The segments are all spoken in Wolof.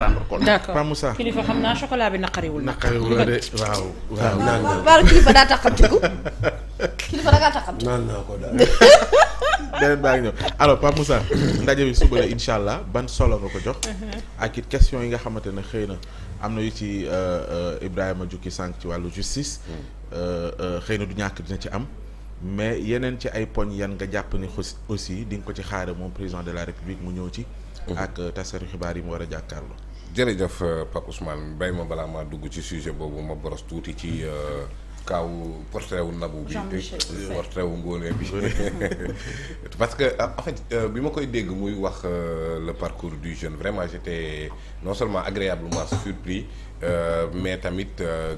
rendre compte. d'accord Pa Moussa kilifa xam naa chocolat ko baal kilifa daa taxamtiku kilifa ndaje bi suba la incha allah ban solo nga ko jox. Uh-huh. ak it question yi nga xamante ne xëy na am na yu ci euh, euh, Ibrahima jukki sànq ci wàllu justice. Mm. Euh, xëy na du ñàkk dina ci am. mais yeneen ci ay poñ yan nga jàpp ni aussi di nga ko ci xaare moom président de la république mu ñëw ci. Mm. ak tasaru xibaar yi mu war a jàkkaarloo. jërëjëf euh, Pape Ousmane bàyyi ma balaa maa dugg ci sujet boobu ma boros tuuti ci euh, kaawu portrait wu nabu bi portrait wu ngóone bi parce que ah, en fait euh, bi ma koy dégg muy wax le parcours du jeune vraiment j'étais non seulement agréablement surpris mais tamit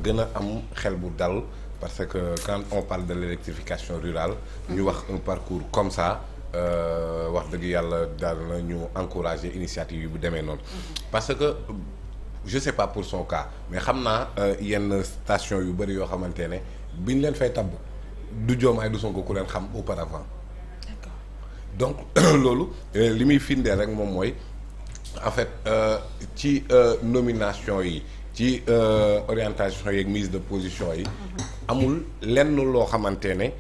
gën a am xel bu dal parce que quand on parle de l'électrification rurale ñu wax un parcours comme ça Euh, wax dëgg yàlla daal na ñu encourager initiative yi bu demee noonu. parce que je sais pas pour son cas mais xam naa euh, yenn station yu bëri yoo xamante ne biñ leen fay tabb du Diomaye du Sonko ku leen xam auparavant. donc loolu euh, li muy firndeel rek moom mooy en fait ci nomination yi ci orientation yeeg mise de position yi. Mhm. amul lenn loo xamante ne.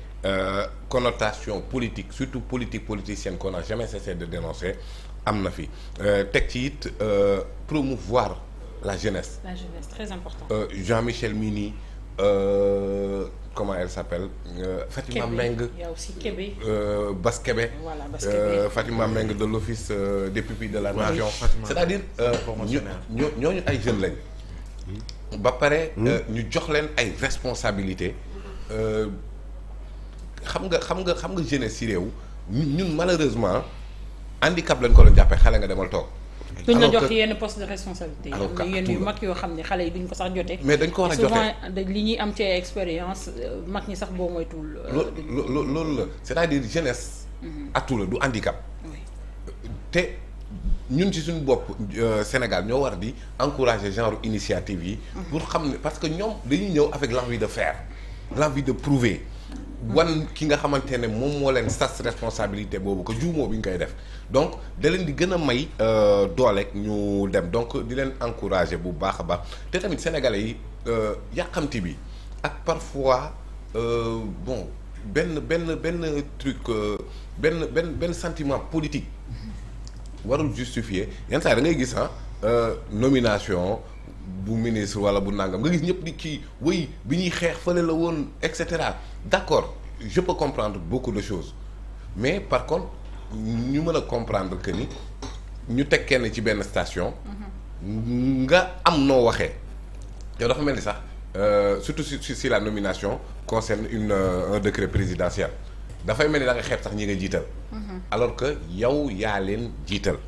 connotation politique surtout politique politicienne qu'on n'a jamais cessé de dénoncer am na fi euh, teg ci it euh, promouvoir la jeunesse. la jeunesse très important. Euh, Jean-Michel Mini euh, comment elle s'appelle. Euh, Fatima Mbengue y euh, Fatima Mbengue de l'office des de la oui. nation. c'est-à-dire ñoo ñooñu ay jeunes lañ. Hmm. ba pare. Hmm. ñu jox leen ay responsabilité xam nga xam nga xam nga jeunesse si réew ñun malheureusement handicap lañ ko doon jàppee xale nga demal toog. duñ la jox yenn poste de responsabilité yi yenn yu mag yoo xam ne xale yi duñ ko sax jotee mais dañ ko war a jotee souvent li ñuy am ci expérience euh, mag ñi sax boo moytuwul euh, loolu la c'est-à-dire jeunesse mhm. atout la du handicap te ñun ci suñu bopp euh, Sénégal ñoo war di encourager genre initiative yi mhm. pour xam ne parce que ñoom dañuy ñëw avec l'envie de faire l'envie de prouver wan ki nga xamante ne moom moo leen sas responsabilité boobu ko juumoo bi ñu koy def donc da di gën a may euh, doole ñu dem donc di leen encourager bu baax a baax te tamit sénégalais yi euh, yàqamti bi ak parfois euh, bon benn benn benn truc benn benn benn sentiment politique warul justifier yenn saa da ngay gis ah nomination bu ministre wala bu nangam nga gis ñëpp di kii wëy bi ñuy xeex fële la woon et cetera d'accord je peux comprendre beaucoup de choses mais par contre ñu mën a comprendre que ni ñu teg kenn ci benn station. nga am noo waxee. yow dafa mel ni sax euh, surtout si si la nomination concerne une euh, un décret présidentiel dafay mel ni da nga sax ñi nga jiital. Mhm. alors que yow yaa leen jiital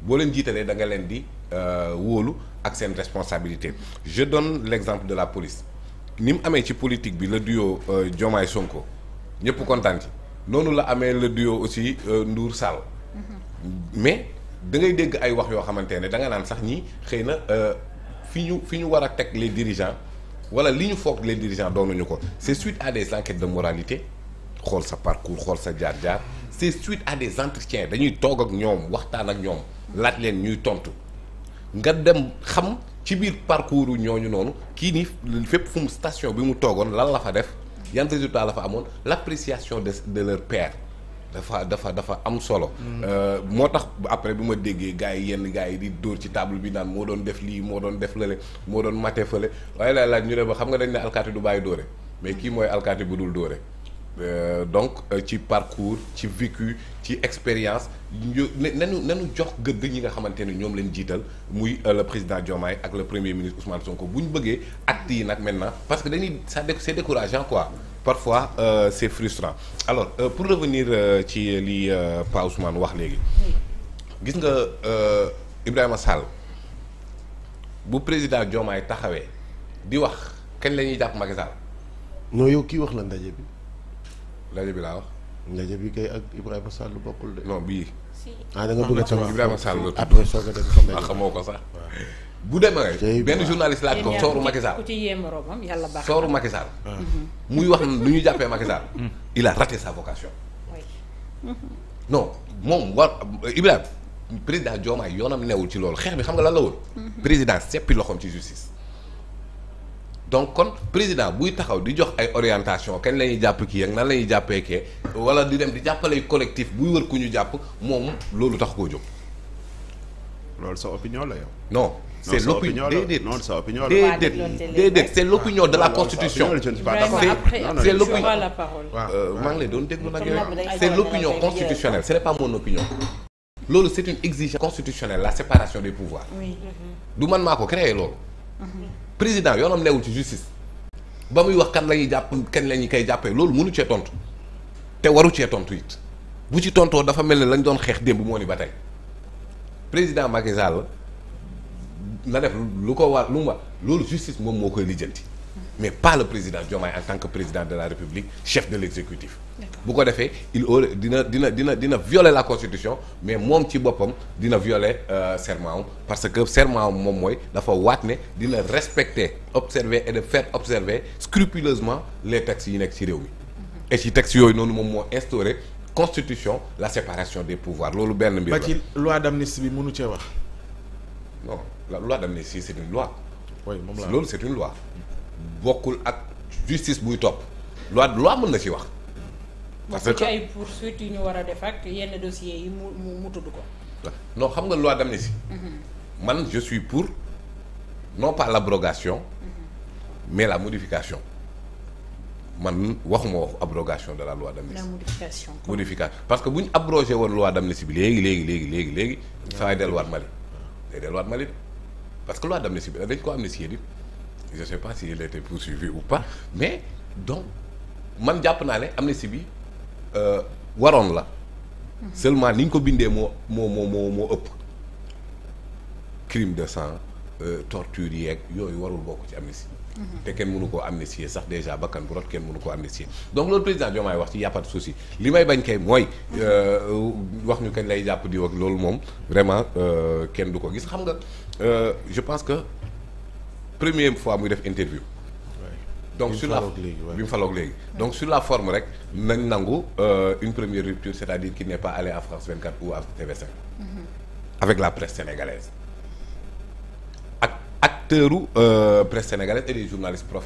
boo leen jiitalee da nga leen di euh, wóolu ak seen responsabilité je donne l'exemple de la police. ni mu amee ci politique bi la duo euh, Diomaye Sonko ñëpp kontaan ci noonu la amee la duyoo aussi euh, nduur Sall mm-hmm. mais da ngay dégg ay wax yoo xamante ne da nga naan sax ñi xëy na euh, fi ñu fi ñu war a teg les dirigeants wala li ñu foog les dirigeants doonuñu ko c'est suite à des enquêtes de moralité xool sa parcours xool sa jaar-jaar c'est suite à des entretiens dañuy toog ak ñoom waxtaan ak ñoom laaj leen ñuy tontu nga dem xam ci biir parcours ñooñu noonu kii nii fépp fu mu station bi mu toogoon lan la fa def yan résultat la fa amoon l' appréciation de de leur père dafa dafa dafa am solo. Mm. Euh, moo tax après bi ma déggee gaa yi yenn gars yi di dóor ci table bi naan moo doon def lii moo doon def lële moo doon mate fële waaye laaj ñu ne ba xam nga dañ ne alkaati du bàyyi dóore mais kii mooy alkaati bu dul dóore. Euh, donc euh, ci parcours ci vécu ci expérience ñu nañu nañu jox gëdd ñi nga xamante ni ñoom lañ jiital muy euh, le président Diomaye ak le premier ministre Ousmane Sonko bu ñu bëggee actes yi nag maintenant parce que dañuy ça c'est décourageant quoi parfois euh, c'est frustrant alors euh, pour revenir ci li Pa Ousmane wax léegi gis nga Ibrahima Sall bu président Diomaye taxawee di wax kañ la ñuy jàpp Macky Sall non yow kii wax la ndaje bi ndaje bi laa wax. ndaje bi kay ak Ibrahima Sall bokkul de. non bii. ah da nga bëgg a a dem sax ah ko sax. bu demee benn journaliste laaj ko sooru Macky yàlla baax sooru Macky Sall ah. mhm. muy wax lu ñu jàppee Macky Sall mm. il a raté sa vocation non moom war Ibrahima président Diomaye yoonam newul ci loolu xeex bi xam nga lan la woon mhm. président seppi loxoom ci justice donc kon président buy taxaw di jox ay orientation kañ la jàpp kii ak nan la ñuy jàppee kee wala di dem di jàppale collectif buy wër ku ñu jàpp moom loolu tax koo jóg. loolu sa opinion la yow. non c'est l'opinion déedéet non sa opinion la déedéet déedéet c'est l'opinion de la constitution c'est l'opinion euh, maa ngi lay doon déglu nag yooyu c'est l'opinion constitutionnelle ce n'est pas mon opinion loolu c'est une exigence constitutionnelle la séparation des pouvoirs du man maa ko créé loolu mhm. président yoonam newul ci justice ba muy wax kan lañuy ñuy jàpp kañ la ñu koy jàppee loolu mënu cee tontu te waru cee tontu it bu ci tontoo dafa mel ne lañ doon xeex démb moo ni ba tey président Macky Sall la def lu ko war lu mu loolu justice moom moo koy lijjanti. mais par le président Diomaye en tant que président de la République chef de l'exécutif bu ko defee il aurait dina dina dina dina violer la constitution mais moom ci boppam dina violer euh, serment parce que serment moom mooy dafa waat ne dina respecter observer et de faire observer scrupuleusement les textes yi nekk ci réew mi mhm. et ci textes yooyu noonu moom moo instauré constitution la séparation des pouvoirs loolu benn mbir la ba ci loi d'amnistie munu cee wax non la loi d'amnistie c'est une loi oui moom la loolu c'est une loi mm. bokkul ak justice buy topp loi loi mën na ci wax. parce que ay poursuites yu ñu war a def ak yenn dossiers yi mu mu mu tudd ko. noo xam nga loi d'amnistie. Mhm. man je pour non pas l'abrogation. Mhm. mais la modification man waxuma wax abrogation de la loi d'amnistie. modification parce que bu ñu abrogé woon loi d'amnistie bi léegi léegi léegi léegi léegi. saa yi delluwaat Mali day delluwaat Mali de parce que loi d'amnistie bi dañ ko am amnistier di. je sais pas si il était poursuivi ou pas mais donc man jàpp naa ne amnistie bi euh, waroon la seulement ni ñu ko bindee moo moo moo moo moo ëpp crime de sang euh, torture yeeg yooyu warul bokk ci amnistie mhm. te kenn mënu koo amnistier sax déjà bakkan bu rot kenn mënu koo amnistier donc loolu président Diomaye wax ci yàppat souci li may bañ kay mooy mhm. euh, wax ñu kañ lay jàpp di wax loolu moom vraiment kenn du ko gis xam nga je pense que première fois muy def interview. donc sur la bi mu faloog léegi donc sur la forme rek nañ nangu euh, une première rupture c'est-à-dire qu'il n'est pas allé à France 24 ou à TV5 mm-hmm. avec la presse sénégalaise acteurs u euh, presse sénégalaise et des journalistes yoo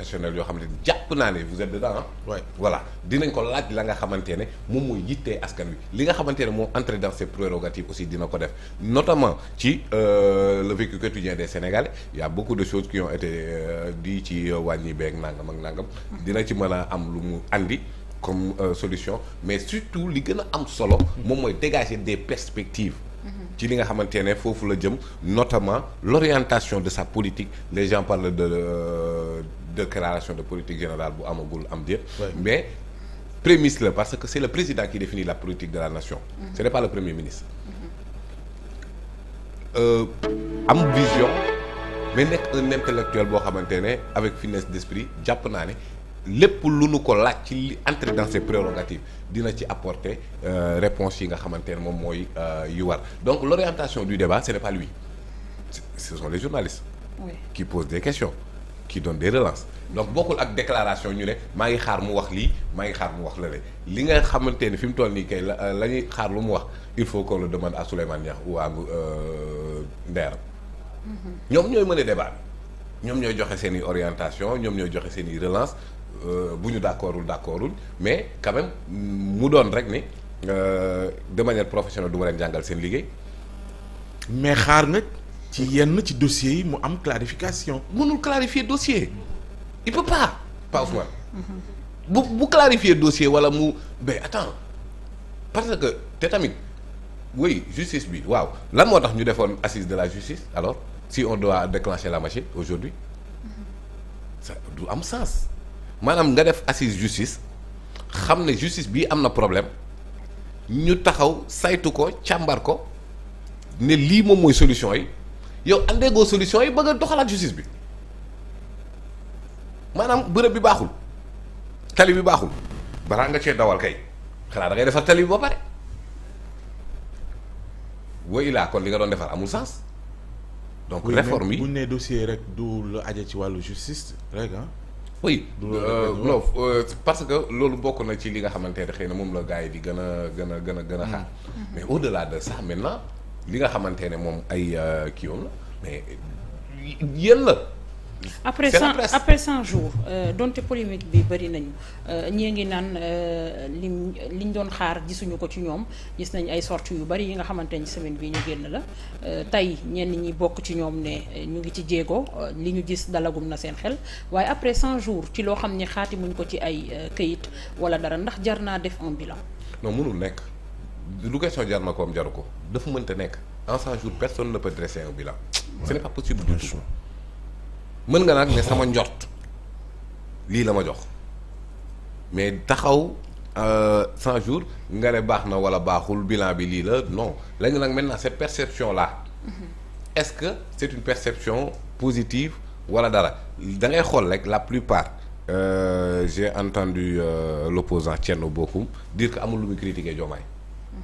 xam ne jàpp naa ne vous êtes dedans ah. Ouais. voilà dinañ ko laaj la nga xamante ne moom mooy yittee askan wi li nga xamante ne moo entrer dans ses prérogatives aussi dina ko def notamment ci euh, le vécu quotidien des Sénégalais il y a beaucoup de choses qui ont été euh, di ci euh, wàññi beeg nangam ak nangam dina ci mën a am lu mu andi. comme euh, solution mais surtout li gën a am solo moom mooy dégager des perspectives ci li nga xamante ne foofu la jëm notamment l'orientation de sa politique les gens parlent de euh, déclaration de politique générale bu amagul am déet mais prémisse la parce que c'est le président qui définit la politique de la nation mm-hmm. ce n'est pas le premier ministre euh, am vision mais nekk un intellectuel boo xamante ne avec finesse d'esprit jàpp naa ne lépp lu nu ko laaj ci li entrer dans dina ci apporter euh, réponse yi nga xamante ne moom mooy euh, yu war donc l'orientation du débat ce n'est pas lui ce sont les journalistes oui. qui posent des questions qui donnent des donc bokkul ak déclaration ñu ne maa ngi xaar mu wax lii maa ngi xaar mu wax la li nga xamante ne fi mu toll ni kay la euh, la ñuy xaar lu mu wax il faut que le demande à Souleymane Niakh ou à Ndeeram mm-hmm. ñoom ñooy mën a débat ñoom ñooy joxe seen i orientation ñoom ñooy joxe seen i relance Euh, bu ñu d'accordul d'accordul mais quand mu doon rek ni euh, de manière professionnelle du ma jàngal seen liggéey. mais xaar nag ci yenn ci dossiers yi mu am clarification mënul clarifier dossier il peut pas pas Ousmane bu bu clarifier dossier wala mu mais attends parce que te tamit oui justice bi waaw lan moo tax ñu defoon assise de la justice alors si on doit déclencher la machine aujourd'hui ça du am sens maanaam nga def assise justice xam ne justice bii am na problème ñu taxaw saytu ko càmbar ko ne lii moom mooy solution yi yow àndeegoo solution yi bëgg a doxalaat justice bi maanaam bërëb bi baaxul tali bi baaxul balaa nga cee dawal kay xanaa da ngay defar tali bi ba pare woy laa kon li nga doon defar amul sens donc réforme yi bu ñu nee dossier rek du la aja ci wàllu justice rek ah. oui euh, non euh, parce que loolu bokk na ci li nga xamante ne xëy na moom la gars yi di gën a gën a gën a gën a xaar mm-hmm. mais au delà de ça na li nga xamante ne moom ay euh, kii yoon la mais yéen la après cent après cent jours euh, donte polémique bi bëri nañu euh, ñii ngi naan euh, lim liñ doon xaar gisuñu ko ci ñoom gis nañ ay sorties yu bari yi nga xamante ni semaine bi ñu génn la tey ñenn ñi bokk ci ñoom ne ñu ngi ci jéego li ñu gis dalagum na seen xel waaye après cent jours ci loo xam ni xaati muñ ko ci ay kayit wala dara ndax jar naa def un bilan. non mënul nekk du question jar na ko am jaru ko dafa mënta nekk en cent jours personne ne peut dresser un bilan. ce n'est mën nga nag ne sama njort lii la ma jox mais taxaw euh, cent jours nga ne baax na wala baaxul bilan bi lii la non léegi nag maintenant cette perception la mhm. est-ce que c'est une perception positive wala dara da ngay xool rek la plupart euh, j'ai entendu euh, l'opposant Thierno Bocoum dire que amul lu muy critiquer Diomaye mhm.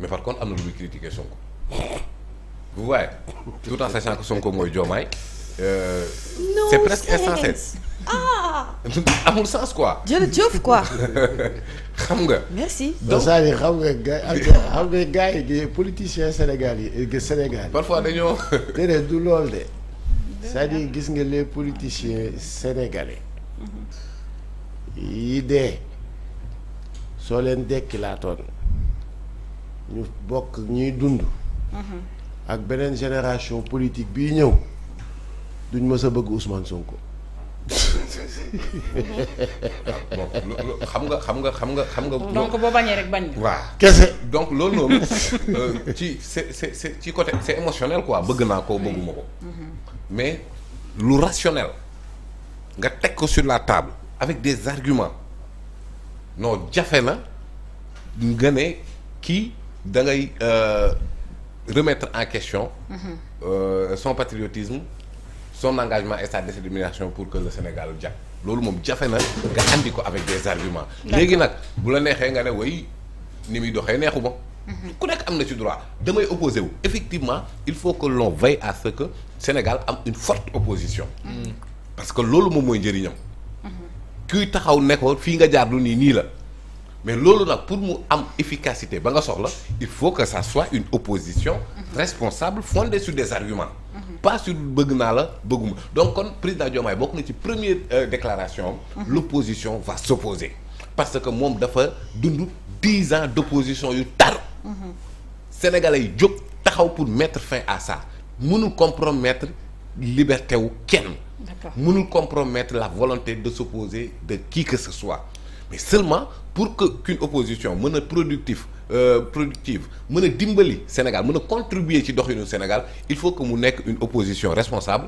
mais par contre am na lu muy critiquer Sonko vous voyez tout en sachant que Sonko mooy Diomaye Euh, c'est presque insensé. ah. amul sens quoi. jërëjëf quoi. xam nga. merci donc c'est-à-dire xam nga gars xam nga gars yi di Sénégal yi du lool de. gis nga les politiciens sénégalais. Mhm. yi dee soo leen dekkilaatoon ñu bokk ñuy dund. Mhm. ak beneen génération politique bi ñëw. duñ mës a bëgg Ousmane Sonko. bon xam nga xam nga xam nga xam nga. donc boo bañee rek bañ na. waa kese donc loolu noonu euh, ci c'est c'est ci côté c'est émotionnel quoi bëgg naa ko bëgguma ko. Mm-hmm. mais lu rationnel nga teg ko sur la table avec des arguments non jafe na nga ne kii da ngay euh, remettre en question. Mm-hmm. Euh, son patriotisme. son engagement et sa détermination pour que le Sénégal jàpp loolu moom jafe na nga andi ko avec des léegi nag bu la neexee nga ne way ni muy doxee neexu ma. Mhm. ku nekk am na ci droit damay opposé wu. effectivement il faut que l'on veille à ce que Sénégal am une forte opposition. Mhm. parce que loolu moom mooy njëriñam. Mhm. kuy taxaw ne fii nga jaar du nii nii la. mais loolu nag pour mu am efficacité ba nga soxla il faut que ça soit une opposition responsable fondée sur des arguments. pas sur bëgg naa la bëgguma donc kon président Diomaye bokk na ci première euh, déclaration am mhm. l'opposition va s'opposer parce que moom dafa dund dix ans d'opposition yu tar mhm. sénégal yi jóg taxaw pour mettre fin à ça mënul compromettre liberté wu kenn mënul compromettre la volonté de s'opposer de qui que ce soit mais seulement pour que qu'une opposition mën a productif Euh, productive mën a dimbali Sénégal mën a contribuer ci doxinu Sénégal il faut que mu nekk une opposition responsable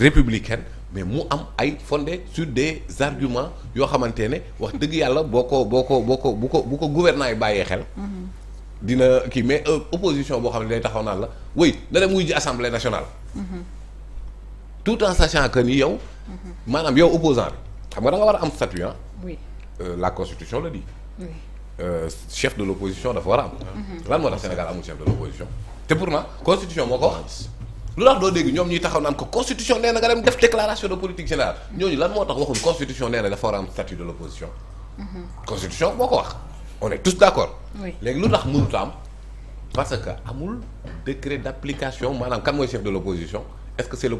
républicain mais mu am ay fonde sur des arguments yoo xamante ne wax dëgg yàlla boo ko boo ko boo ko bu ko bu ko gouvernement yi bàyyee xel. dina kii mais euh, opposition boo xam ne day taxaw naan la wéy na dem wuy ji assemblée nationale. tout en sachant que ni yow. maanaam yow opposant xam nga da war a am statut ah. euh, la constitution la di Euh, chef de l' opposition dafa war a am. Mhm. lan moo tax Sénégal amul chef de l' opposition. te pourtant constitution moo ko wax. lu tax doo dégg ñoom ñuy taxaw naan ko constitution nee na nga dem def déclaration de politique générale ñooñu lan moo tax waxul constitution nee dafa war a am statut de l' opposition. Mhm. constitution moo ko wax. on tous d' léegi lu tax mënut am. parce que amul décret d' maanaam kan mooy chef de l' est que c' est l'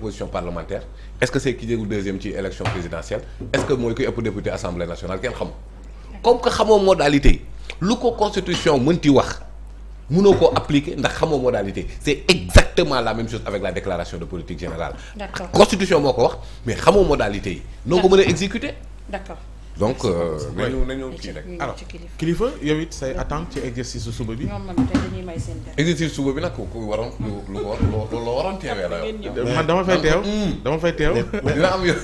comme que xamoo modalité yi lu ko constitution mënti wax mënoo koo appliquer ndax xamoo modalité c'est exactement la même chose avec la déclaration de politique générale. d'accord constitution moo ko wax mais xamoo modalité yi. noo ko mën a exécuter. d'accord donc euh, nañu nañu kii rek alors kilifa yow it say attente ci exercice su suba bi. ñoom man tey dañuy suba bi nag ku waroon lu lu lu lu waroon teewee la yow. man dama fay teew dama fay teew. dina am yow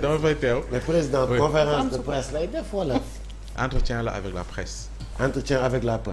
dama fay teew. mais entretien la avec la presse. entretien avec la presse.